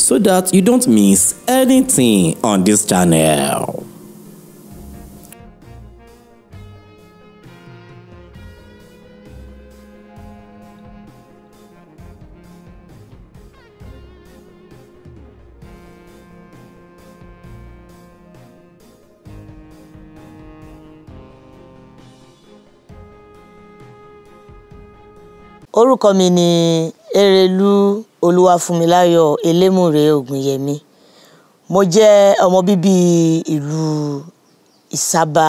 so that you don't miss anything on this channel. orúkọ mi ni Erelu olúwàfúnmiláyọ̀ elémùrè ògùnyẹmí mo jẹ́ ọmọ bíbí ìlú ìsábà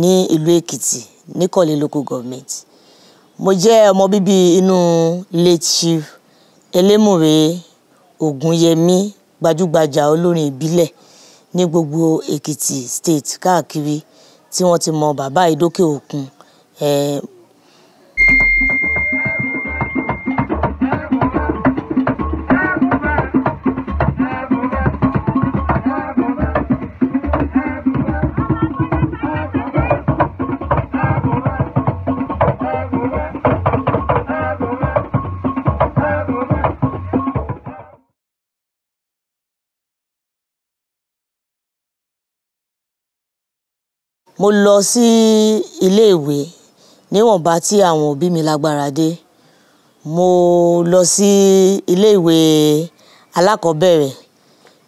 ní ìlú èkìtì níkọ̀lé local government mo jẹ́ ọmọ bíbí inú late chief elémùrè ògùnyẹmí gbajúgbajà olórin ìbílẹ̀ ní gbogbo èkìtì state káàkiri tí wọ́n ti mọ bàbá ìdókè òkun eh, Mo lọ sí ilé-ìwé níwọ̀nba tí àwọn òbí mi lágbára dé. Mo lọ sí ilé alákọ̀ọ́bẹ̀rẹ̀,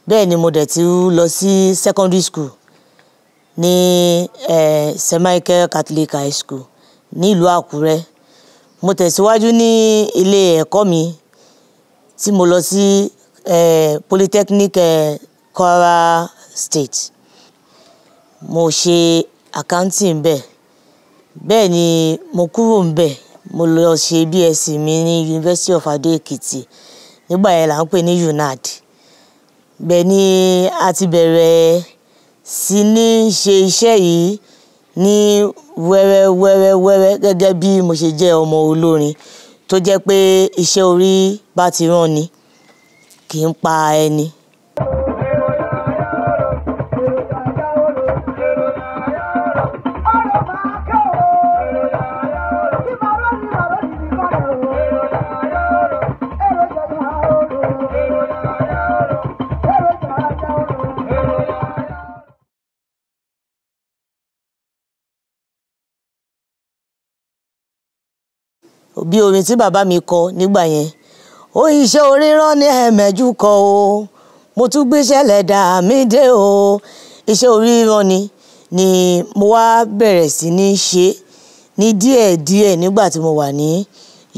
bẹ́ẹ̀ ni mo dẹ̀ tún lọ sí secondary school ní, eh, St. Michael Catholic High School ní ìlú Àkúrẹ́. Mo tẹ̀síwájú ní ilé ẹ̀kọ́ mi tí mo lọ sí, Polytechnic, eh, Kwara State. Mo ṣe àkáǹtì ńbẹ̀ bẹ́ẹ̀ ni mo kúrò ńbẹ̀ mo lọ ṣe BSc mi ní University of Adó-Èkìtì nígbà yẹn là ń pè ní UNAD bẹ́ẹ̀ ni a ti bẹ̀rẹ̀ sí ní ṣe iṣẹ́ yìí ní wẹ́rẹ́ wẹ́rẹ́ wẹ́rẹ́ gẹ́gẹ́ bí mo ṣe jẹ́ ọmọ olórin tó jẹ́ pé iṣẹ́ orí bá ti rán ni kì í pa ẹni bí orin tí bàbá mi kọ nígbà yẹn ó iṣẹ́ orí rán ní ẹ̀ẹ̀mẹ́jú kọ o mo tún gbéṣẹ́ lẹ́dà mí dé o iṣẹ́ orí ni ni mo wá bẹ̀rẹ̀ sí ní ṣe ní díẹ̀díẹ̀ nígbà tí mo wà ní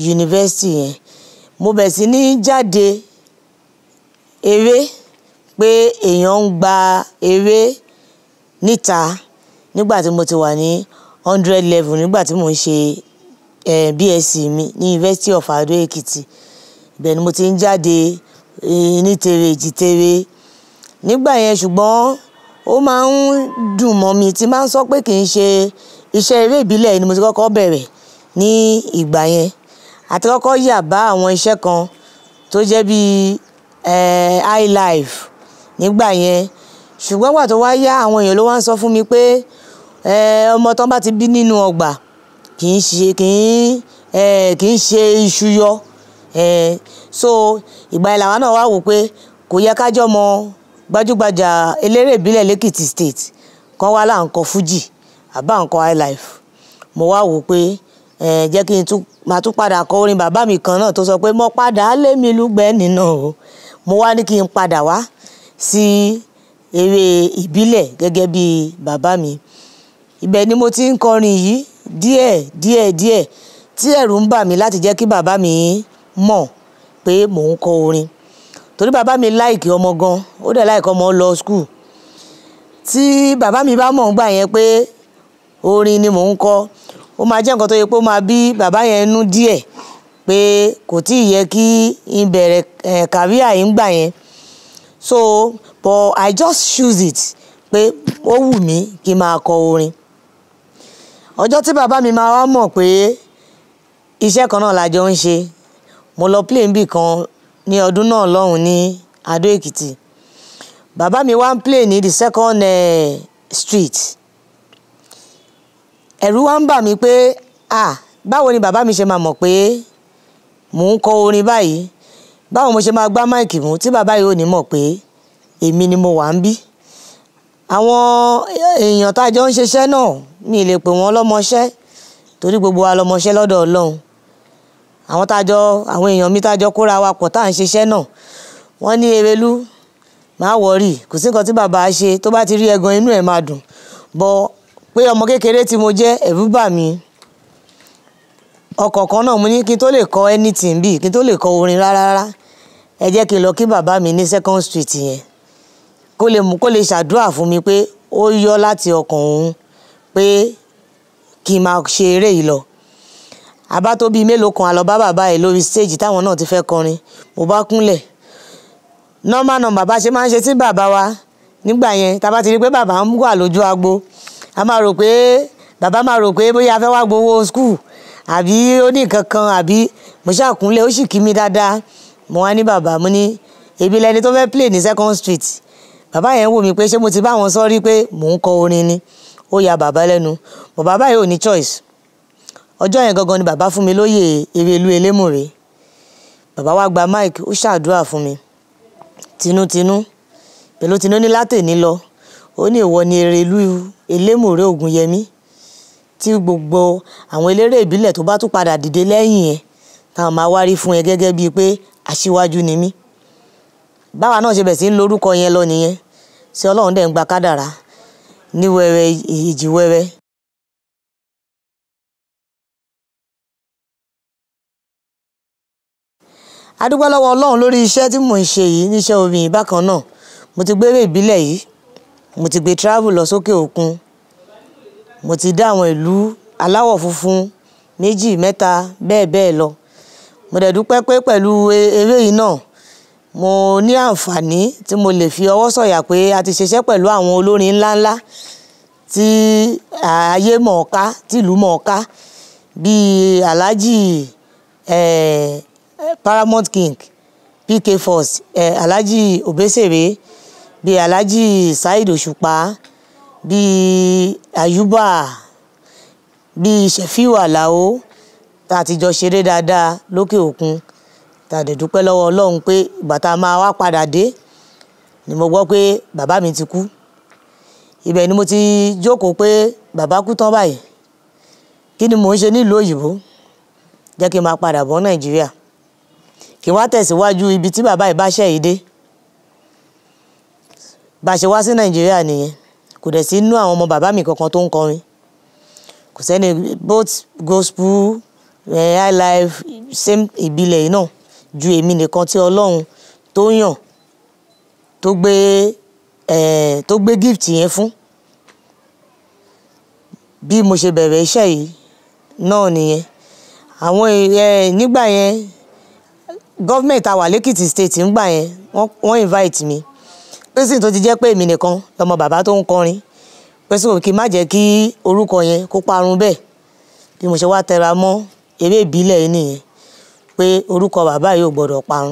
yunifásitì yẹn mo bẹ̀rẹ̀ sí ní jáde eré pé èèyàn ń gba eré níta nígbà tí mo ti wà ní hundred level nígbà tí mò ń ṣe Eh, BSc mi ní University of Ado Ekiti ibẹ̀ ni mo ti ń jáde eh, ní tere èjìtere nígbà yẹn ṣùgbọ́n ó máa ń dùn mọ́ mi tí máa ń sọ pé kì í ṣe iṣẹ́ eré ìbílẹ̀ ni mo ti kọ́kọ́ bẹ̀rẹ̀ ní ìgbà yẹn àti kọ́kọ́ yà bá àwọn iṣẹ́ kan tó jẹ́ bíi eh, highlife nígbà yẹn ṣùgbọ́n ìgbà tó wá yá àwọn èèyàn ló wá ń sọ fún mi pé ọmọ tán bá ti bí nínú ọgbà kì í ṣe kì í kì í ṣe iṣu yọ so ìgbà yẹn làwọn náà wá wò pé kò yẹ kájọ́ mọ gbajúgbajà eléré ìbílẹ̀ lẹ́kìtì state kan wá láǹkọ fuji àbá ǹkan highlife mo wá wò pé jẹ́ kí n tún máa tún padà kọ orin bàbá mi kan náà tó sọ pé mo padà á lé mi lúgbẹ́ nínú o mo wá ní kí n padà wá sí eré ìbílẹ̀ gẹ́gẹ́ bí bàbá mi ibẹ̀ ni mo ti ń kọrin yìí díẹ̀ díẹ̀ díẹ̀ tí ẹ̀rù ń bà mí láti jẹ́ kí bàbá mi mọ̀ pé mò ń kọ orin torí bàbá mi láìkì ọmọ gan ó dẹ̀ láìkì ọmọ lọ skul tí bàbá mi bá mọ̀ ń gbà yẹn pé orin ni mò ń kọ ó máa jẹ́ nǹkan tó yẹ pé ó máa bí bàbá yẹn nú díẹ̀ pé kò tí ì yẹ kí n bẹ̀rẹ̀ kàríà yìí yẹn so but I just choose it pé ó wù mí kí n máa kọ orin ọjọ́ tí bàbá mi máa wá mọ̀ pé iṣẹ́ kan náà la jọ ń ṣe mo lọ play níbì kan ní ọdún náà lọ́hùn ní Adó Èkìtì bàbá mi wá ń play ní the second uh, street ẹ̀rù wá ń bà mí pé ah báwo ni bàbá mi ṣe máa mọ̀ pé mò ń kọ orin báyìí báwo mo ṣe máa gbá máìkì mú tí bàbá yìí ò ní mọ̀ pé èmi ni mo wà ń bí àwọn èèyàn tá a jọ ń ṣiṣẹ́ náà mi lè pè wọ́n lọ́mọṣẹ́ torí gbogbo wa lọ́mọṣẹ́ lọ́dọ̀ Ọlọ́run àwọn tá a jọ àwọn èèyàn mi tá a jọ kóra wa pọ̀ tá à ń ṣiṣẹ́ náà wọ́n ní Ewelú má wọ̀rì kò sí nǹkan tí bàbá á ṣe tó bá ti rí ẹgan inú ẹ̀ máa dùn bọ́ pé ọmọ kékeré tí mo jẹ́ ẹ̀rú bà mí ọkọ̀ kan náà mo ní kí n tó lè kọ anything bíi kí n tó lè kọ orin rárá ẹ jẹ́ kí n lọ kí bàbá mi ní second street yẹn kó lè mú kó lè ṣàdúrà fún mi pé ó yọ láti ọkàn òun pé kí n máa ṣe eré yìí lọ àbá tó bíi mélòó kan àlọ́ bá bàbá ẹ̀ lórí stage táwọn náà ti fẹ́ kọrin mo bá kúnlẹ̀ nọ́mbà nọ́mbà bá ṣe máa ń ṣe tí bàbá wa nígbà yẹn tá a bá ti rí pé bàbá ń wà lójú agbo a máa rò pé bàbá máa rò pé bóyá a fẹ́ wá gbowó skul àbí ó ní nǹkan kan àbí mo ṣàkúnlẹ̀ ó sì kí mi dáadáa mo wá ní bàbá mo ní ebi lẹni tó fẹ́ play ní second street bàbá yẹn wò mí pé ṣé mo ti bá wọn sọ rí pé mò ń kọ orin ni ó ya bàbá lẹ́nu mọ̀ bàbá yìí ò ní choice ọjọ́ yẹn gangan ni bàbá fún mi lóyè Erelú Elémùrè bàbá wa gba mike ó ṣàdúrà fún mi tinútinú pẹ̀lú tinú ní látẹ̀ní lọ ó ní ìwọ ni Erelú Elémùrè Ògúnyẹmí tí gbogbo àwọn eléré ìbílẹ̀ tó bá tún padà dìde lẹ́yìn ẹ̀ táwọn máa wárí fún ẹ gẹ́gẹ́ bíi pé aṣíwájú ni mí báwa náà ṣe bẹ̀ sí ń lorúkọ yẹn lọ nìyẹn ṣé ọlọ́run dẹ̀ ń gba kádàrá ní wẹ́rẹ́ ìjì wẹ́rẹ́. a dúpẹ́ lọ́wọ́ ọlọ́run lórí iṣẹ́ tí mò ń ṣe yìí níṣẹ́ omi bákan náà mo ti gbére ìbílẹ̀ yìí mo ti gbé travel lọ sókè òkun mo ti dá àwọn ìlú aláwọ̀ funfun méjì mẹ́ta bẹ́ẹ̀ bẹ́ẹ̀ lọ mo dẹ̀ dúpẹ́ pé pẹ̀lú eré yìí náà mo ní àǹfààní tí mo lè fi ọwọ́ sọ̀yà pé a ti ṣiṣẹ́ pẹ̀lú àwọn olórin ńláńlá tí ayé mọ̀ọ́ká tìlú mọ̀ọ́ká bíi alhaji eh, paramount king pk force eh, alhaji obesere bíi alhaji saheed òṣùpá bíi ayuba bíi sefiu alao tá a ti jọ ṣeré dáadáa lókè òkun tá a dẹ̀ dúpẹ́ lọ́wọ́ ọlọ́run pé ìgbà tá a máa wá padà dé ni mo gbọ́ pé bàbá mi ti kú ibẹ̀ ni mo ti jókòó pé bàbá kú tán báyìí kí ni mò ń ṣe nílùú òyìnbó jẹ́ kí n máa padà bọ̀ nàìjíríà kí n wá tẹ̀síwájú ibi tí bàbá ìbáṣẹ́ yìí dé bá a ṣe wá sí nàìjíríà nìyẹn kò dẹ̀ sí inú àwọn ọmọ bàbá mi kankan tó ń kọrin kò sẹ́ni both gospel eh, high life same ìbílẹ̀ yìí náà ju èmi nìkan tí ọlọ́run tó yàn tó gbé tó gbé gift yẹn fún bí mo ṣe bẹ̀rẹ̀ iṣẹ́ yìí náà nìyẹn àwọn nígbà yẹn government àwa lẹ́kìtì state ńgbà yẹn wọ́n invite mi pé sì tó ti jẹ́ pé èmi nìkan lọmọ bàbá tó ń kọrin pé sì kí n má jẹ́ kí orúkọ yẹn kó parun bẹ́ẹ̀ bí mo ṣe wá tẹra mọ́ eré ìbílẹ̀ yìí nìyẹn pé orúkọ bàbá yìí ò gbọdọ̀ parun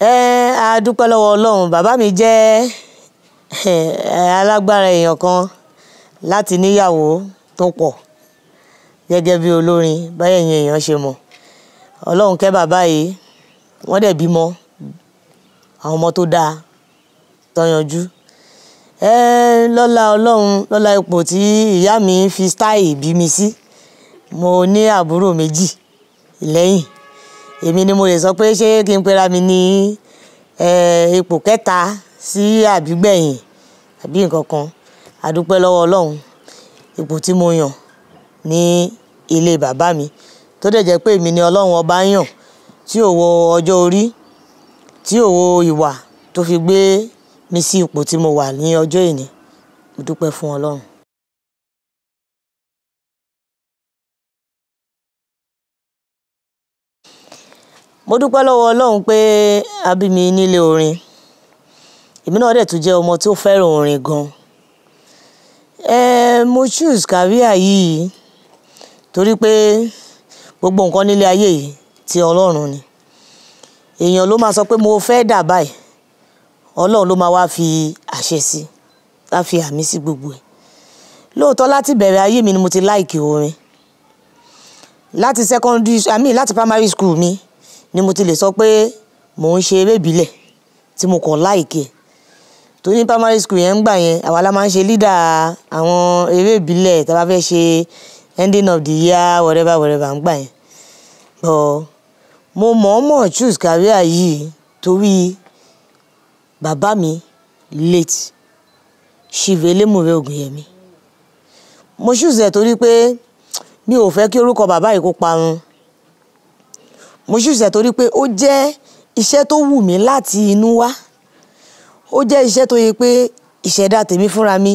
um a dúpẹ́ lọ́wọ́ ọlọ́run bàbá mi jẹ́ alágbára èèyàn kan láti níyàwó tó pọ̀ gẹ́gẹ́ bí olórin báyẹn yẹn èèyàn ṣe mọ̀ ọlọ́run kẹ́ bàbá yìí wọ́n dẹ̀ bímọ àwọn ọmọ tó dáa tó lọ́lá ọlọ́run lọ́lá ipò tí ìyá mi fi stáì bí mi sí mo ní àbúrò méjì lẹ́yìn èmi ni mo lè sọ pé ṣé kí n pera mi ní ipò kẹta sí àbígbẹ̀yìn àbí nǹkan kan àdúpẹ́ lọ́wọ́ ọlọ́run ipò tí mo yàn ní ilé bàbá mi tó dẹ̀ jẹ́ pé èmi ni ọlọ́run ọba yàn tí ò wo ọjọ́ orí tí ò wo ìwà tó fi gbé mi sí ipò tí mo wà ní ọjọ́ èní mo dúpẹ́ fún Ọlọ́run. mo dúpẹ́ lọ́wọ́ Ọlọ́run pé a bí mi nílé orin èmi náà dẹ̀ tún jẹ́ ọmọ tó fẹ́ràn orin gan mo choose career yìí torí pé gbogbo nǹkan nílé ayé yìí ti Ọlọ́run ni èèyàn ló máa sọ pé mo fẹ́ dà báyìí ọlọ́run ló máa wá fi àṣẹ sí á fi àmì sí gbogbo ẹ̀ lóòótọ́ láti bẹ̀rẹ̀ ayé mi ni mo ti láìkì orin láti secondary i mean láti primary school mi ni mo ti lè sọ pé mò ń ṣe eré ìbílẹ̀ tí mo kàn láìkì ẹ̀ tó ní primary school yẹn ń gbà yẹn àwa la máa ń ṣe lídà àwọn eré ìbílẹ̀ tá a bá fẹ́ ṣe ending of the year whatever whatever ń gbà yẹn but mo mọ̀ọ́mọ̀ choose career yìí torí bàbá mi late Chief Elémùrè Ògùnyẹmí mo ṣùzẹ̀ torí pé mi ò fẹ́ kí orúkọ bàbá yìí kó parun mo ṣùzẹ̀ torí pé ó jẹ́ iṣẹ́ tó wù mí láti inú wá ó jẹ́ iṣẹ́ tó yẹ pé ìṣẹ̀dá tèmi fúnra mi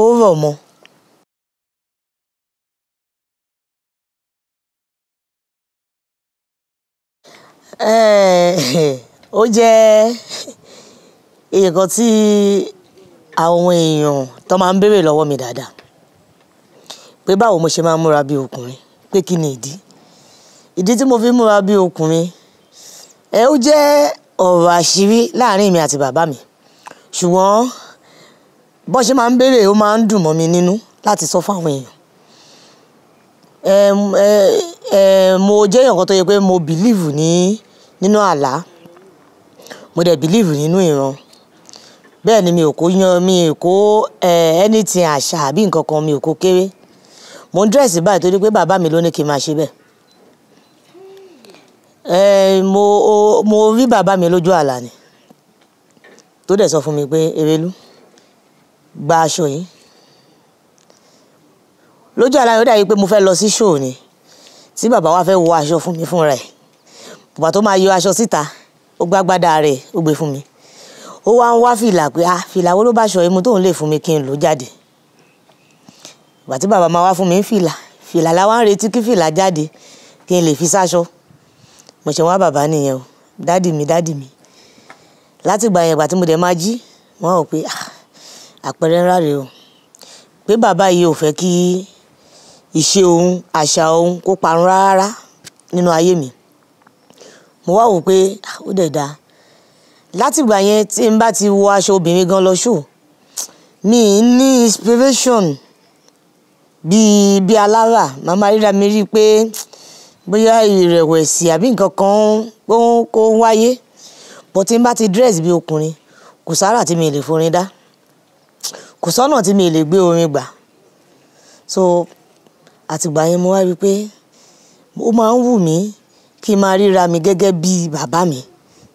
ó rọ̀ mọ́. ó jẹ́ èèyàn kan tí àwọn èèyàn tó máa ń béèrè lọ́wọ́ mi dáadáa pé báwo mo ṣe máa ń múra bí ọkùnrin pé kí ni ìdí ìdí tí mo fi ń múra bí ọkùnrin ẹ ó jẹ́ ọ̀rọ̀ àṣírí láàrin mi àti bàbá mi ṣùgbọ́n bó ṣe máa ń béèrè ó máa ń dùn mọ́ mi nínú láti sọ fáwọn èèyàn mo jẹ́ èèyàn kan tó yẹ pé mo bìlíìfù ní nínú àlá mo dẹ̀ bìlíìfù nínú ìran bẹ́ẹ̀ ni mi ò kó yan mi ò kó eh, anything àṣà àbí nǹkan kan mi ò kó kéré mo ń dírẹ̀sì báyìí torí pé bàbá mi ló ní kí n máa ṣe bẹ́ẹ̀ eh, mo mo rí bàbá mi lójú àlá ni tó dẹ̀ sọ fún mi pé Erelú gba aṣọ yìí lójú àlá yóò dàbí pé mo fẹ́ lọ sí ṣòó ni tí bàbá wa fẹ́ wọ aṣọ fún mi fúnra ẹ̀ bàbá tó máa yọ aṣọ síta ó gbágbádá rẹ̀ ó gbé fún mi ó wá ń wá fìlà pé ah fìlà wo ló bá ṣọ imú tóun lè fún mi kí n lò jáde ìgbà tí bàbá máa wá fún mi ń fìlà fìlà la wá ń retí kí fìlà jáde kí n lè fi sáṣọ mo ṣe wá bàbá nìyẹn o dádì mi dádì mi láti ìgbà yẹn ìgbà tí mo dẹ̀ máa jí wọ́n rò pé ah, àpẹẹrẹ ńlá rèé o pé bàbá yìí ò fẹ́ kí ìṣe òun àṣà òun kó parun rárá nínú ayé mi mo wá wò pé ah, ó dẹ̀ dáa látìgbà yẹn tí n bá ti wọ aṣọ obìnrin gan lọ mi ní inspiration bíi bíi alára màmá ríra mi rí i pé bóyá ìrẹ̀wẹ̀sì àbí nǹkan kan kó wáyé bó ti ń bá ti dress bí ọkùnrin kò sára tí mi lè forin dá kò sọ́nà tí mi lè gbé orin gbà so àtìgbà yẹn mo wá rí i pé ó máa ń wù mí kí n máa ríra mi gẹ́gẹ́ bíi bàbá mi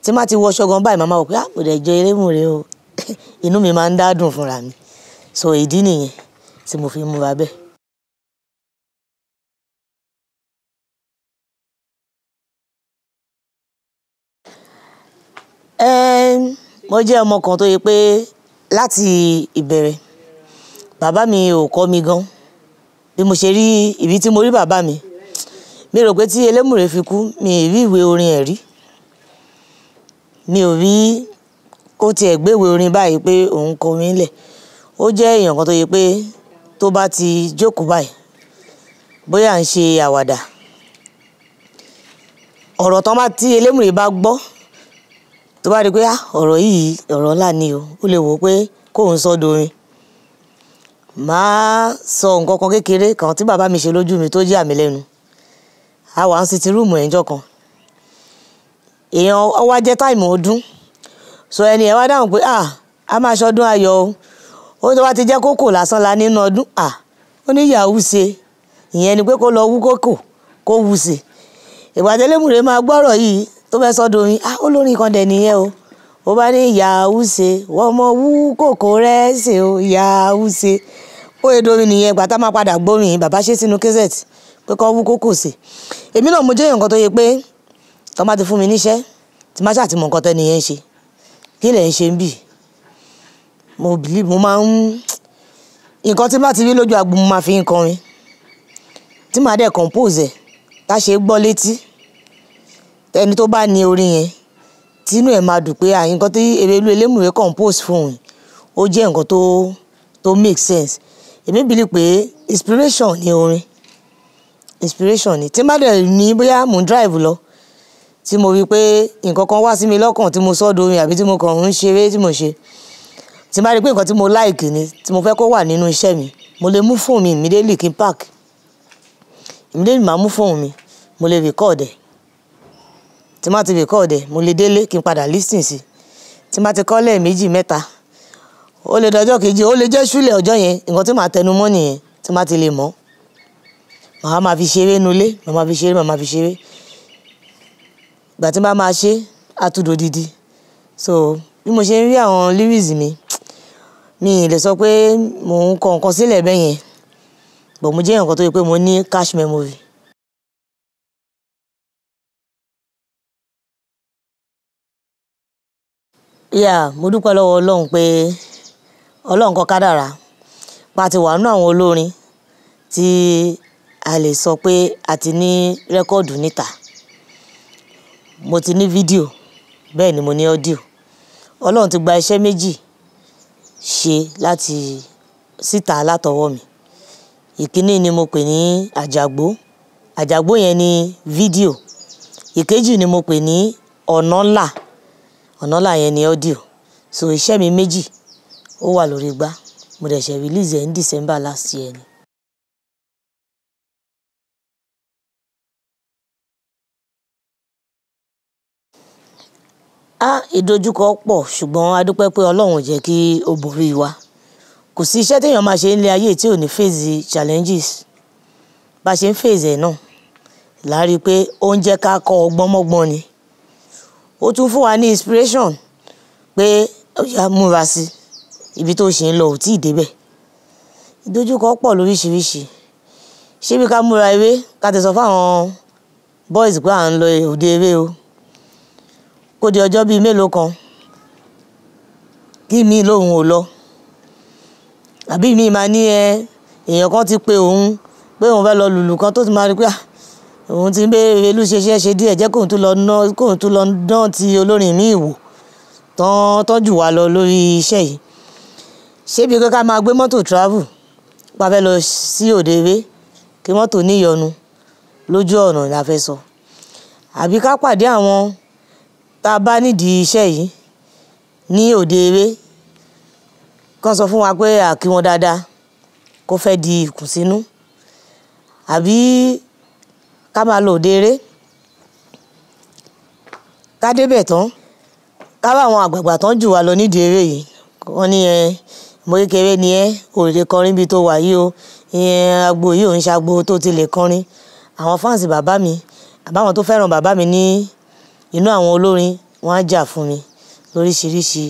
tí má ti wọ ṣọgan báyìí màmá wò pé mo ah, dẹ̀ jẹ erémùrè o inú mi máa ń dádùn fúnra mi so ìdí nìyẹn tí mo fi múra bẹ́ẹ̀. mo jẹ́ ọmọ kan tó yẹ pé láti ìbẹ̀rẹ̀ bàbá mi ò kọ́ mi gan bí mo ṣe rí ibi tí mo rí bàbá mi mi rò pé tí elémùrè fi kú mi ì ìwé orin ẹ̀ rí mi ò rí kó tiẹ̀ gbéwé orin báyìí pé òun kọ orin lẹ̀ ó jẹ́ èèyàn kan tó yẹ pé tó bá ti jókòó báyìí bóyá ń ṣe àwàdà ọ̀rọ̀ tán bá tí elémùrè bá gbọ́ tó bá rí pé ah, ọ̀rọ̀ yìí ọ̀rọ̀ ńlá ni o ó lè wò ó pé kóun sọ dorin màá sọ nǹkan kan kékeré kan tí bàbá mi ṣe lójú mi tó jẹ́ àmì lẹ́nu a wà ń sitting room ẹ̀ńjọ́ kan èèyàn ó wá jẹ́ táìmù ọdún sọ ẹni ẹ̀ wá dáhùn pé ah a máa ṣọdún ayọ̀ o ó tó wá ti jẹ́ kókò lásán la nínú ọdún ah ó ní yahoo ṣe ìyẹn ni pé kó lọ wú kókò kó wù sí ìbàdàn máa gbọ́rọ̀ yìí tó fẹ́ sọ́dọ̀ orin ah olórin kan dẹ̀ nìyẹn o ó bá ní yahoo ṣe wọ́n mọ wú kókò rẹ̀ ṣe o yahoo ṣe ó yẹ domi nìyẹn gbàtà máa padà gbórin bàbá ṣe sínú kẹsẹ̀tì pé kọ́ wú kókò ṣe èmi náà mo jẹ́ èèyàn kan tó yẹ pé tọ́ bá ti fún mi níṣẹ́ tí má ṣàtìmọ̀ nǹkan tẹ́ni yẹn ń ṣe kí lẹ̀ ń ṣe ń bì mo bìlí mo máa ń nǹkan tí má ti rí lójú agbo mo máa fi ń kọrin tí màá dẹ̀ compose ẹ̀ tá ṣe gbọ́ létí ẹni tó bá ní orin yẹn tínú ẹ̀ máa dùn pé nǹkan tí Erelu Elémùrè compose fún un ó jẹ́ nǹkan tó tó make sense èmi bìlí pé inspiration ni orin inspiration ni tí má dẹ̀ ní bóyá mò ń drive lọ tí mo rí i pé nǹkan kan wá sí mi lọ́kàn tí mo sọ́dọ̀ orin àbí tí mo kàn ń ṣeré tí mo ṣe tí bá rí i pé nǹkan tí mo láìkì ni tí mo fẹ́ kó wà nínú iṣẹ́ mi mo lè mú fóònù mi immediately kí n park immediately màá mú fóònù mi mo lè record ẹ̀ tí má ti record ẹ̀ mo lè délé kí n padà listen sí tí má ti kọ́ lẹ́ẹ̀mejì mẹ́ta ó lè dọjọ́ kejì ó lè jẹ́ ṣúlẹ̀ ọjọ́ yẹn nǹkan tí màá tẹnu mọ́ nìyẹn tí má ti lè mọ́ màá máa fi ṣeré nulẹ̀ màá máa fi ṣeré màá máa fi ṣeré ìgbà tí n bá máa ṣe á tún dodidi so bí mo ṣe ń rí àwọn lyrics mi mi ì lè sọ pé mò ń kọ nǹkan sílẹ̀ bẹ́ẹ̀ yẹn but mo jẹ́ èèyàn kan tó yẹ pé mo ní cash memory. yeah mo dúpẹ́ lọ́wọ́ ọlọ́run pé ọlọ́run kan kádàrá pa ti wà nínú àwọn olórin tí a lè sọ pé a ti ní rẹ́kọ́ọ̀dù níta mo ti ní fídíò bẹ́ẹ̀ ni mo ní ọ́díò ọlọ́run ti gba iṣẹ́ méjì ṣe láti síta látọwọ́ mi ìkíní ni mo pè ní àjàgbó àjàgbó yẹn ni fídíò ìkejì ni mo pè ní ọ̀nà ńlá ọ̀nà ńlá yẹn ni ọ́díò so iṣẹ́ mi méjì ó wà lórí igbá mo dẹ̀ ṣe release ẹ̀ ní December last year ni. Ah! Ìdojúkọ pọ̀ ṣùgbọ́n a dúpẹ́ pé Ọlọ́run ò jẹ́ kí ó borí wa. Kò sí iṣẹ́ téèyàn máa ṣe nílé ayé tí ò ní face challenges. Bá ṣe ń face ẹ̀ náà, là á rí i pé ó ń jẹ́ ká kọ́ ọgbọ́n mọ́gbọ́n ni. Ó tún fún wa ní inspiration pé ó yá múra sí i, ibi tó ṣe ń lọ ò tí ì dé bẹ̀. Ìdojúkọ pọ̀ lóríṣiríṣi. Ṣé bí ká múra eré, ká ti sọ boys pé à ń lọ òde eré o kó di ọjọ́ bíi mélòó kan kí mi lòun ò lọ àbí mi máa ní ẹ èèyàn kan ti pe òun pé òun fẹ́ lọ lùlù kan tó ti máa rí pé òun ti ń béèrè elú ṣe ṣe ṣe díẹ̀ jẹ́ kóun tún lọ ná kóun tún lọ dán ti olórin mi ìwò tán tọ́jú wa lọ lórí iṣẹ́ yìí ṣébi pé ká máa gbé mọ́tò travel pa fẹ́ lọ sí òde eré kí mọ́tò níyọnu lójú ọ̀nà la fẹ́ sọ àbí ká pàdé àwọn tá a bá nídìí iṣẹ́ yìí ní òde eré kán sọ fún wa pé àkí wọn dáadáa kó fẹ́ di ìkùnsínú àbí ká máa lọ òde eré ká débẹ̀ tán ká bá àwọn àgbààgbà tán jù wá lọ nídìí eré yìí wọ́n ní ẹ mo kékeré ni ẹ kò kọrin bí tó wà yìí o ìyẹn agbo yìí ò ń ṣagbo tó ti lè kọrin àwọn fáǹsì bàbá mi àbáwọn tó fẹ́ràn bàbá mi ní inú àwọn olórin wọ́n á jà fún mi lóríṣiríṣi.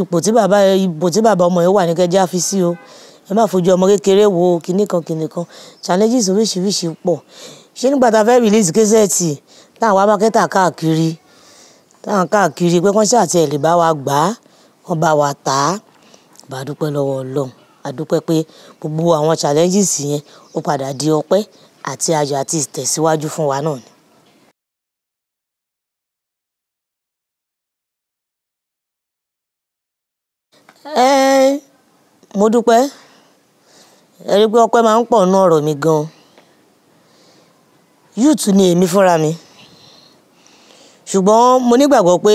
Ipò tí bàbá, ipò tí bàbá ọmọ yìí wà ní kẹ́ já fi sí o. Ẹ má fojú ọmọ kékeré wo kiní kan kiní kan. Challenges oríṣiríṣi pọ̀. Ṣé nígbà tá a fẹ́ release késẹ́ẹ̀tì tá à ń wá marketer káàkiri, tá à ń káàkiri pé kí wọ́n ṣà tiẹ̀ lè bá wa gbà, wọ́n bá wa tà. Bàá dúpẹ́ lọ́wọ́ Ọlọ́run. A dúpẹ́ pé gbogbo àwọn challenges yẹn ó padà di ọpẹ́ àti ayọ̀ àti ìtẹ̀síwájú fún wa náà ni. mo dúpẹ́ ẹ rí i pé ọpẹ́ máa ń pọ̀ nú ọ̀rọ̀ mi gan yúùtù ni èmi fúnra mi ṣùgbọ́n mo nígbàgbọ́ pé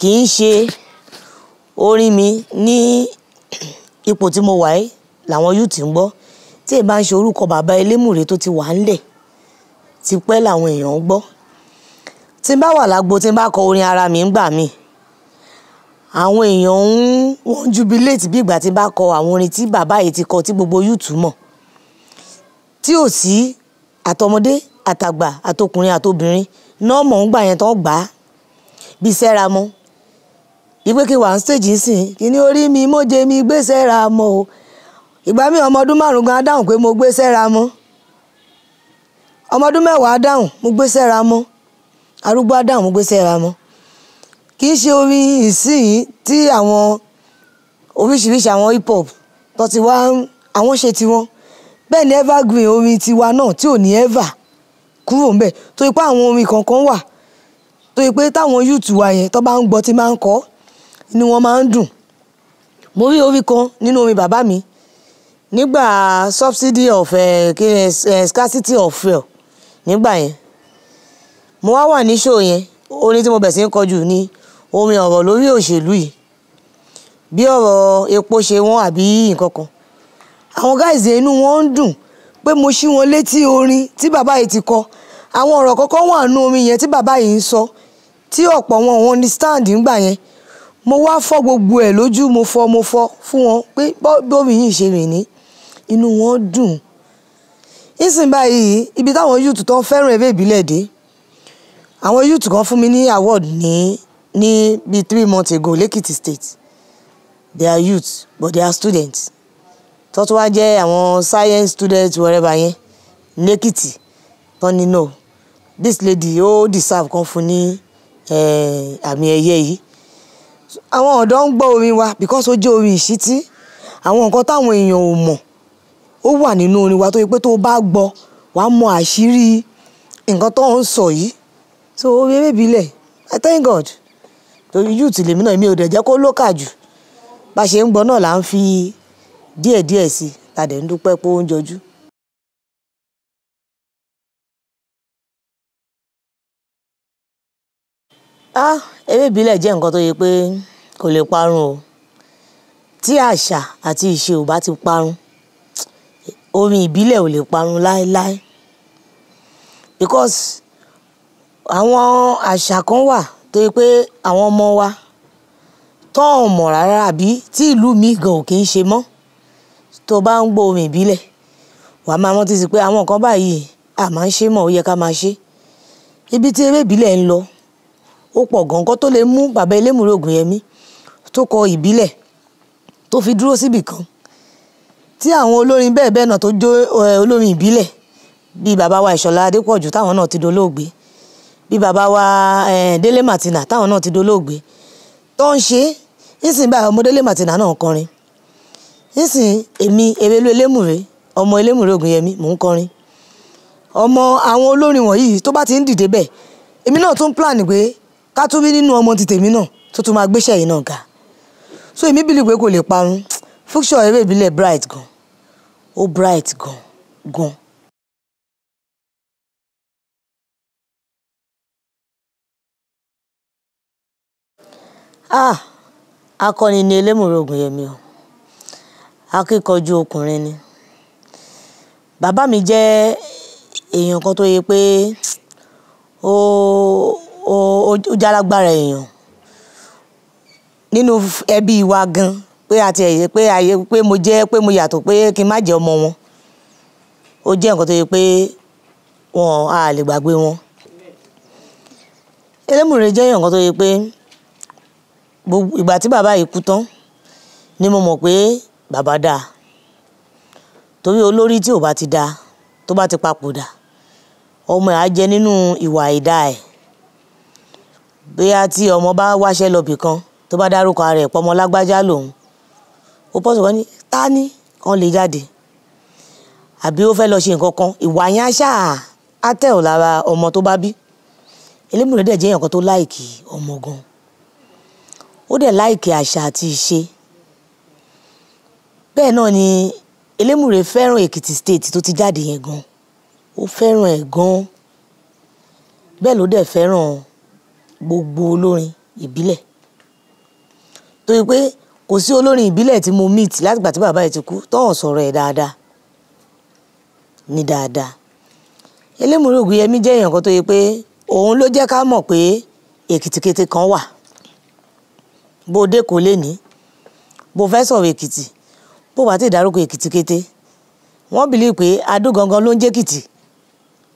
kì í ṣe orin mi ní ipò tí mo wà yìí làwọn yúùtù ń gbọ́ tí èyí bá ń ṣe orúkọ bàbá elémùrè tó ti wà ńlẹ̀ tipẹ́ làwọn èèyàn ń gbọ́ tí n bá wà lágbo tí n bá kọ orin ara mi ń gbà míì àwọn èèyàn ń wọ́n jubilate bí ìgbà tí bá kọ àwọn orin tí bàbá yìí ti kọ tí gbogbo yúùtù mọ̀ tí ò sí àtọmọdé àtàgbà àtọkùnrin àtobìnrin náà mọ̀ ń gbà yẹn tán gbà á bí sẹ́ra mọ́ ìpè kí wà ń stage sìn kí ní orí mi mo jẹ mi gbé sẹ́ra mọ́ o ìgbà mi ọmọ ọdún márùn gan adáhùn pé mo gbé sẹ́ra mọ́ ọmọ ọdún mẹ́wàá adáhùn mo gbé sẹ́ra mọ́ arúgbó adáhùn mo gbé sẹ́ra mọ́ kì í ṣe orin ìsìn tí àwọn oríṣiríṣi àwọn hip hop tó ti wá àwọn ṣe tiwọn bẹ́ẹ̀ ni evergreen orin tiwa náà tí ò ní ever kúrò ńbẹ̀ tó ipá àwọn orin kankan wà tó ipé táwọn youth wa yẹn tó bá ń gbọ́ tí máa ń kọ́ ni wọ́n máa ń dùn mo rí orin kan nínú orin bàbá mi nígbà subsidy of eh, eh, scarcity of fuel nígbà yẹn mo wá wà ní show yẹn orin tí mo bẹ̀ sí ń kọjú ní omi ọ̀rọ̀ lórí òṣèlú yìí bí ọ̀rọ̀ epo ṣe wọ́n àbí nǹkan kan àwọn gáàsì inú wọn ń dùn pé mo ṣí wọn létí orin tí bàbá yìí ti kọ àwọn ọ̀rọ̀ kọ́kọ́ wà nú omi yẹn tí bàbá yìí ń sọ tí ọ̀pọ̀ wọn òun ní stand ńgbà yẹn mo wá fọ́ gbogbo ẹ̀ lójú mo fọ́ mo fọ́ fún wọn pé bómi yìí ṣe rìn ní inú wọn dùn nísìnyí báyìí ibi táwọn yúùtù tó ń fẹ́ràn eré ìbílẹ̀ dé àwọn yúùtù kan fún mi ní award ní ní bíi three months ago lẹ́kìtì state they are youth but they are students tó tún wá jẹ́ àwọn science students wherever yẹn lẹ́kìtì tó no this lady ó deserve kan fún ní eh, àmì ẹ̀yẹ yìí àwọn ọ̀dọ́ ń gbọ́ orin wa because ó jẹ́ orin ìṣítí àwọn nǹkan táwọn èèyàn ò mọ̀ ó wà nínú orin wa tó yẹ pé tó o bá gbọ́ wà á mọ àṣírí nǹkan tó ń sọ yìí so orin eré ìbílẹ̀ I thank God torí youth lèmi náà mi ò dẹ̀ jẹ́ kó lókà jù bá ṣe ń gbọ́ náà là ń fi díẹ̀díẹ̀ sí i ta dẹ̀ ń dúpẹ́ pé ó ń jọjú. ah eré ìbílẹ̀ jẹ́ nǹkan tó yẹ pé kò lè parun o tí àṣà àti ìṣe ò bá ti parun orin ìbílẹ̀ ò lè parun láéláé because àwọn àṣà kan wà torí pé àwọn ọmọ wa tán ò mọ̀ rárá àbí tí ìlú mi gan ò kí ń ṣe mọ́ tó bá ń gbọ́ orin ìbílẹ̀ wàá máa rántí sí pé àwọn nǹkan báyìí à máa ń ṣe mọ̀ ó yẹ ká máa ṣe ibi tí eré ìbílẹ̀ ń lọ ó pọ̀ gan nǹkan tó lè mú bàbá elémùrè ògùnyẹmí tó kọ ìbílẹ̀ tó fi dúró síbì kan tí àwọn olórin bẹ́ẹ̀ bẹ́ẹ̀ náà tó jó olórin ìbílẹ̀ bíi bàbá wa ìṣọ̀lá adépọ̀jù táwọn náà ti dolóògbé bí bàbá wa eh, délé martina táwọn náà ti dolóògbé tó ń ṣe nísìnyí báyìí ọmọ délé martina náà ń kọrin nísìnyí èmi ewélu elémùrè ọmọ elémùrè ògùnyẹmí mò ń kọrin ọmọ àwọn olórin wọ̀nyí tó bá ti ń dìde bẹ́ẹ̀ èmi náà tún plan pé ká tún bí nínú ọmọ ti tèmi náà tó tún máa gbéṣẹ́ yìí náà ga so èmi bìlì pé kò lè parun fúkṣọ eré ìbílẹ̀ bright gan ó bright gan gan. Ah! Akọni ni Elémùrè Ògùnyẹmí o. Akíkanjú ọkùnrin ni. Bàbá mi jẹ́ èèyàn kan tó yẹ pé ó, ó, ó jálágbára èèyàn. Nínú ẹbí wa gan, pé a ti ẹ̀ pé ayé pé mo jẹ́ pé mo yàtọ̀ pé kí n má jẹ́ ọmọ wọn. Ó jẹ́ ǹkan tó yẹ pé wọn a lè gbàgbé wọn. Elémùrè jẹ́ èèyàn kan tó yẹ pé gbogbo ìgbà tí bàbá yìí kú tán ni mo mọ̀ pé bàbá dáa torí olórí tí ò bá ti dáa tó bá ti papòdà ọmọ ẹ̀ á jẹ nínú ìwà ìdá ẹ̀ bóyá tí ọmọ bá wáṣẹ́ lọ bìkan tó bá dárúkọ ara ẹ̀ pọ́mọ lágbájá lòun ó pọ̀ sọ̀rọ̀ ní ta ni kan lè jáde àbí ó fẹ́ lọ ṣe nǹkan kan ìwà yẹn á á tẹ̀ ọ́ lára ọmọ tó bá bí elémùrẹ́dẹ̀ jẹ́ èèyàn kan tó láìkì ọmọ gan-an ó dẹ̀ láìkè àṣà àti ìṣe bẹ́ẹ̀ náà ni Elémùrè fẹ́ràn Èkìtì state tó ti jáde yẹn gan ó fẹ́ràn ẹ̀ gan bẹ́ẹ̀ ló dẹ̀ fẹ́ràn gbogbo olórin ìbílẹ̀ tó yẹ pé kò sí olórin ìbílẹ̀ tí mo meet látìgbà tí bàbá yìí ti kú tọ́hàn sọ̀rọ̀ ẹ̀ dáadáa ní dáadáa Elémùrè Ògúnyẹmí jẹ́ èèyàn kan tó yẹ pé òun ló jẹ́ ká mọ̀ pé èkìtì kan wà bó o dẹ́kọ̀ọ́ lẹ́ni bó o fẹ́ sọ̀rọ̀ èkìtì bó o bá ti dárúkọ èkìtì kété wọ́n bìlí pé adó gangan ló ń jẹ́kìtì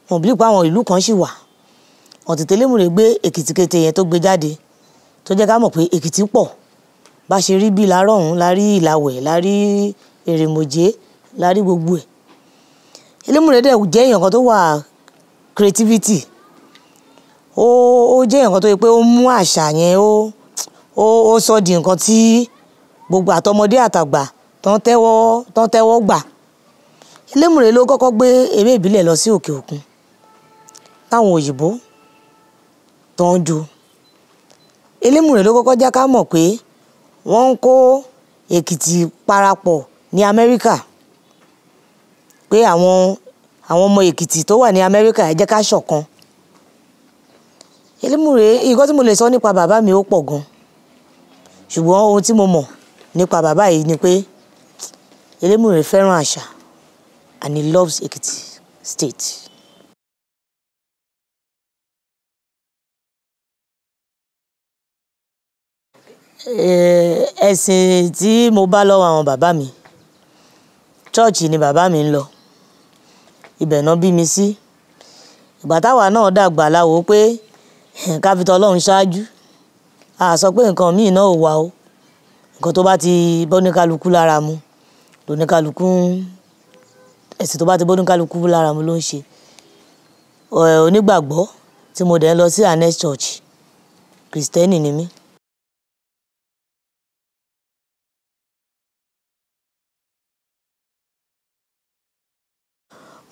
wọ́n bìlí pé àwọn ìlú kan ṣì wà ọ̀tẹ̀tẹ̀lẹ́mùrè gbé èkìtì kété yẹn tó gbé jáde tó jẹ́ ká mọ̀ pé èkìtì pọ̀ bá ṣe rí bí lárọ̀ ọ̀hún la ìlàwẹ̀ la rí èrèmọ̀jé gbogbo ẹ̀ Ẹlẹ́mùrè dẹ̀ jẹ́ èèyàn kan tó wà creativity ó ó jẹ́ èèyàn kan tó yẹ pé ó mú àṣà yẹn ó ó ó sọ di nǹkan tí gbogbo àtọmọdé àtàgbà tán tẹ́wọ́ tán tẹ́wọ́ gbà Elémùrè ló kọ́kọ́ gbé eré ìbílẹ̀ lọ sí òkè òkun táwọn òyìnbó tó ń ju Elémùrè ló kọ́kọ́ já ká mọ̀ pé wọ́n ń kó Èkìtì parapọ̀ ní Amẹ́ríkà pé àwọn àwọn ọmọ Èkìtì tó wà ní Amẹ́ríkà ẹ jẹ́ ká ṣọ̀kan Elémùrè nǹkan tí mo lè sọ nípa bàbá mi ó pọ̀ gan ṣùgbọ́n ohun tí mo mọ̀ nípa bàbá yìí ni pé Elémùrè fẹ́ràn àṣà and he loves Ekiti state. Eh, ẹ̀sìn tí mo bá lọ́wọ́ àwọn bàbá mi chọ́ọ̀chì ni bàbá mi ń lọ ibẹ̀ náà bí mi sí ìgbà táwa náà dàgbà láwo pé ká fi tọ́lọ́run ṣáájú a sọ pé nǹkan míì náà ò wà o nǹkan tó bá ti bọ́níkálukú lára mu lóníkálukú ẹ̀sìn tó bá ti bọ́níkálukú lára mu ló ń ṣe onígbàgbọ́ tí mo dẹ̀ ń lọ sí Annex Church kìrìsìtẹ́nì ni mí.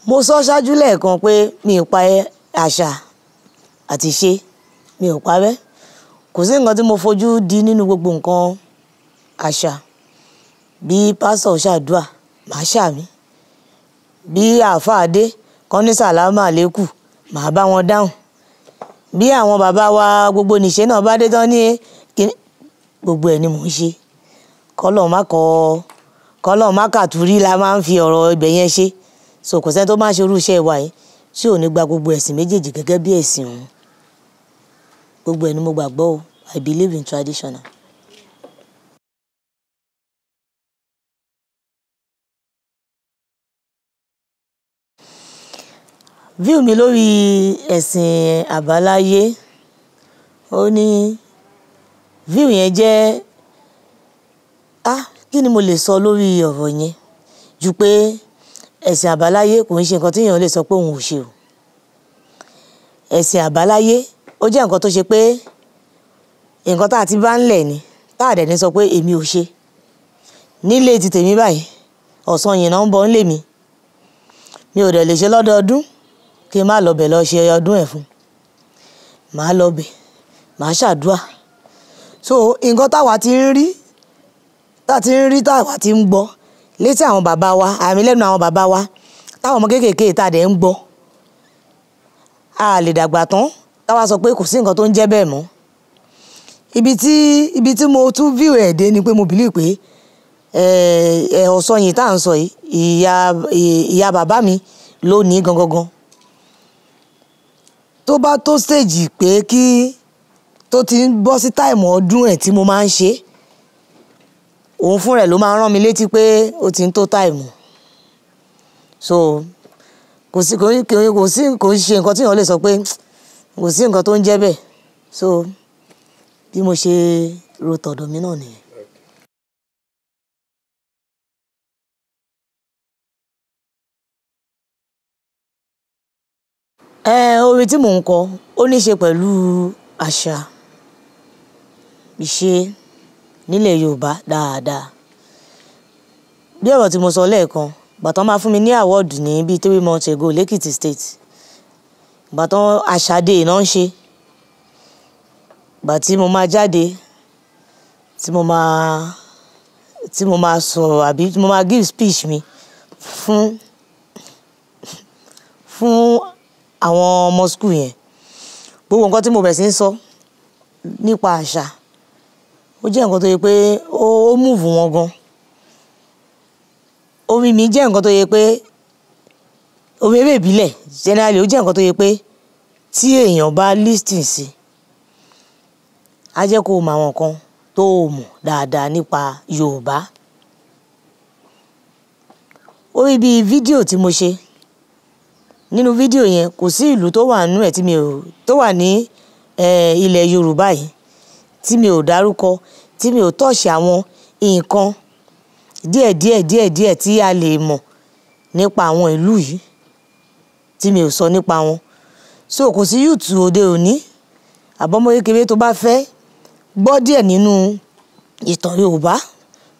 mo sọ ṣáájú lẹ́ẹ̀kan pé mi ò pa àṣà àti ṣe mi ò pa bẹ́ẹ̀ kò sí nǹkan tí mo fojú di nínú gbogbo nǹkan àṣà bí pásọ̀ ṣàdúà màá ṣàmì bí àáfàá dé kan ní sàlámà lẹ́kù màá bá wọn dáhùn bí àwọn bàbá wa gbogbo nìṣe náà bá dé tán ní gbogbo ẹ̀ ni mò ń ṣe kọ́lọ̀ má kọ́ kọ́lọ̀ má kàtúrí la máa ń fi ọ̀rọ̀ ibẹ̀ yẹn ṣe so kò sẹ́ni tó máa ń ṣe irú iṣẹ́ wa yìí tí ò ní gba gbogbo ẹ̀sìn méjèèjì gẹ́gẹ́ bí ẹ̀sìn òun gbogbo ẹ̀ mo gbàgbọ́ o I believe in tradition. view mi lórí ẹ̀sìn àbáláyé ó ní view yẹn jẹ́ ah kí ni mo lè sọ lórí ọ̀rọ̀ yẹn ju pé ẹ̀sìn àbáláyé kò ń ṣe nǹkan téèyàn lè sọ pé òun ò ṣe o ẹ̀sìn àbáláyé ó jẹ́ nǹkan tó ṣe pé nǹkan tá a ti bá ń lẹ̀ ni tá a dẹ̀ ní sọ pé èmi ò ṣe nílé ti tèmi báyìí ọ̀sán yìí náà ń bọ̀ ńlé mi mi ò dẹ̀ lè ṣe lọ́dọọdún kí n má lọ bẹ̀ lọ ṣe ọdún ẹ̀ fún màá lọ bẹ̀ màá ṣàdúà so nǹkan táwa ti ń rí tá a ti ń rí táwa ti ń gbọ́ létí àwọn bàbá wa àmì lẹ́nu àwọn bàbá wa táwọn ọmọ kéékèèké tá a dẹ̀ ń gbọ́ a lè dàgbà tán táwa sọ pé kò sí nǹkan tó ń jẹ́ bẹ́ẹ̀ mọ́ ibi tí ibi tí mo tún view ẹ̀ dé ni pé mo bìlíì pé ẹ eh, eh, ọ̀sán yìí tá à ń sọ yìí ìyá ìyá bàbá mi ló ní gangan gan tó bá tó stage pé kí tó ti ń bọ́ sí táìmù ọdún ẹ̀ tí mo máa ń ṣe òun fún rẹ̀ ló máa rán mi létí pé ó ti ń tó táìmù so kò sí kò sí kò sí kò ń ṣe nǹkan tí èèyàn lè sọ pé kò sí nǹkan tó ń jẹ́ bẹ́ẹ̀ so bí mo ṣe ro tọ̀dọ̀ mi náà nìyẹn. ẹ orin tí mò ń kọ ó ní í ṣe pẹ̀lú àṣà ìṣe nílẹ̀ Yorùbá dáadáa bí ọ̀rọ̀ tí mo sọ lẹ́ẹ̀kan bàtán máa fún mi ní àwọ́ọ̀dù ní bíi three months ago lẹ́kìtì state ìgbà tán àṣàdé náà ń ṣe ìgbà tí mo máa jáde tí mo máa tí mo máa sọ̀rọ̀ àbí tí mo máa give speech mi fún fún àwọn ọmọ school yẹn gbogbo nǹkan tí mo bẹ̀ sí ń sọ nípa àṣà ó jẹ́ nǹkan tó yẹ pé ó múùfù wọn gan orin mi jẹ́ nǹkan tó yẹ pé òwe eré ìbílẹ̀ generally ó jẹ́ nǹkan tó yẹ pé tí èèyàn bá listen sí á jẹ́ kó o mọ àwọn nǹkan tó o mọ̀ dáadáa nípa Yorùbá orí bí fídíò tí mo ṣe nínú fídíò yẹn kò sí ìlú tó wà nínú ẹ̀ tí mi ò tó wà ní ilẹ̀ Yorùbá yìí tí mi ò dárúkọ tí mi ò tọ̀ṣì àwọn nǹkan díẹ̀díẹ̀ díẹ̀díẹ̀ tí a lè mọ̀ nípa àwọn ìlú yìí tí mi ò sọ nípa wọn so kò sí yùtù òde òní àbọ̀mọ kékeré tó bá fẹ́ gbọ́ díẹ̀ nínú ìtàn Yorùbá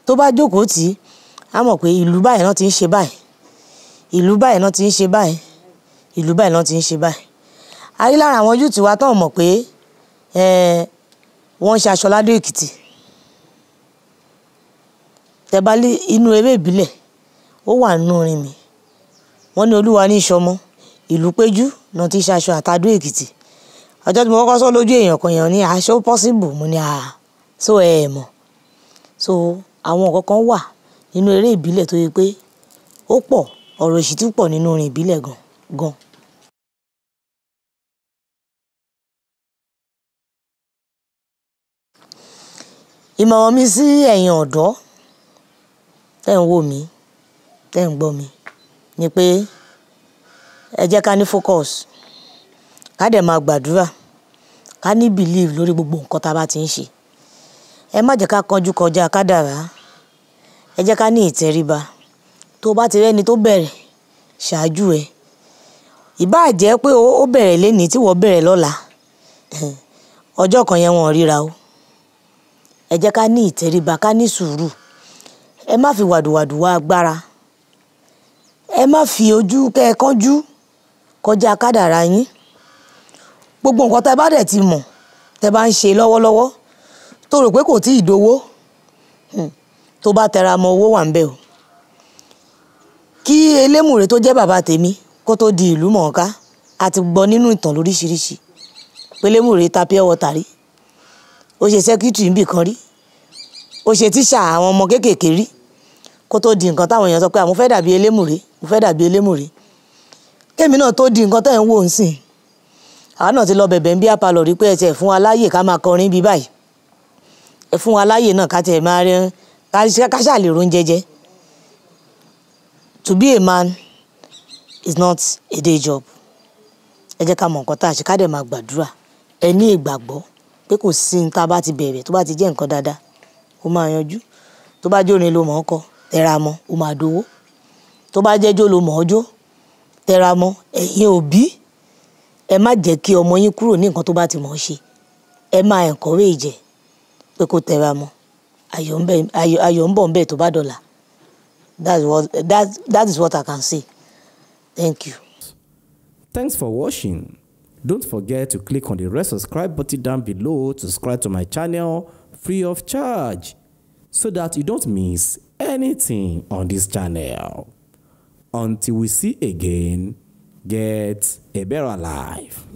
tó bá jókòó tì í á mọ̀ pé ìlú báyìí náà ti ń ṣe báyìí ìlú báyìí náà ti ń ṣe báyìí ìlú báyìí náà ti ń ṣe báyìí a rí lára àwọn yùtù wa tán mọ̀ pé wọ́n ń ṣe aṣọ ládó Èkìtì tẹ́bálí inú eré ìbílẹ̀ ó wà nínú orin mi wọ́n ní olúwa ní ìṣọmọ́ ìlúpéjú náà ti ṣaṣọ àtàdó èkìtì ọjọ́ tí mo kọ́kọ́ sọ lójú èèyàn kan èèyàn ní aṣọ possible mo ní àá so ẹ ẹ mọ̀ so àwọn nǹkan kan wà nínú eré ìbílẹ̀ tó yẹ pé ó pọ̀ ọ̀rọ̀ òṣì tí pọ̀ nínú orin ìbílẹ̀ gan ìmọ̀ràn mi sí ẹ̀yin ọ̀dọ́ tẹ́ ń wò mí tẹ́ ń gbọ́ mi ni pé ẹ jẹ́ ká ní focus ká dẹ̀ máa gbàdúrà ká ní believe lórí gbogbo nǹkan tá a bá ti ń ṣe ẹ má jẹ́ ká kanjú kọjá kádàrá ẹ jẹ́ ká ní ìtẹríba tó bá ti rẹ́ni tó bẹ̀rẹ̀ ṣáájú ẹ ìbáà jẹ́ pé ó bẹ̀rẹ̀ lénìí tí wọ́n bẹ̀rẹ̀ lọ́la ọjọ́ kan yẹn wọ́n ríra o ẹ jẹ́ ká ní ìtẹríba ká ní sùúrù ẹ má fi wàdùwàdù wá agbára ẹ má fi ojú kẹ́ ẹ kánjú kọjá kádàrá yín gbogbo nǹkan tẹ́ bá dẹ̀ ti mọ̀ tẹ́ bá ń ṣe lọ́wọ́lọ́wọ́ tó rò pé kò tí ì dowó hmm, tó bá tẹra mọ́ owó wà ń bẹ̀ o kí elémùrè tó jẹ́ bàbá tèmi kó tó di ìlú mọ̀ọ́ká a ti gbọ́ nínú ìtàn lóríṣiríṣi pélémùrè ta pure water rí ó ṣe sẹ́kítírì níbì kan rí ó ṣe tíṣà àwọn ọmọ kéékèèké rí kó tó di nǹkan táwọn èèyàn sọ pé àwọn fẹ́ dàbí elémùrè mo fẹ́ dàbí elémùrè kémi náà tó di nǹkan tẹ́ ń wò ń sìn àá ti lọ bẹ̀bẹ̀ ń bí apalọ̀ rí pé ẹ tiẹ̀ fún wa láàyè ká máa kọrin bí báyìí ẹ fún wa láàyè náà ká tiẹ̀ máa rin ká ṣàlè rún jẹjẹ to be a man is not a day job ẹ jẹ́ ká mọ̀ nǹkan tá a ṣe ká dẹ̀ máa gbàdúrà ẹ ní ìgbàgbọ́ pé kò sí ní tá a bá ti bẹ̀rẹ̀ tó bá ti jẹ́ nǹkan dáadáa ó máa yanjú tó bá jórin ló mọ̀ ọ́ kọ tẹra mọ́ ó máa dowó tó bá jẹ́jọ́ ló mọ̀ ọ́ jó tẹra mọ́ òbí ẹ má jẹ́ kí ọmọ yín kúrò ní nǹkan tó bá ti mọ̀ ṣe ẹ máa encourage pé kó tẹra mọ́ ń bọ̀ ń bẹ̀ tó bá dọ̀la that, is what I can say thank you. Thanks for watching. Don't forget to click on the red subscribe button down below to subscribe to my channel free of charge so that you don't miss anything on this channel. Until we see again, get a better life.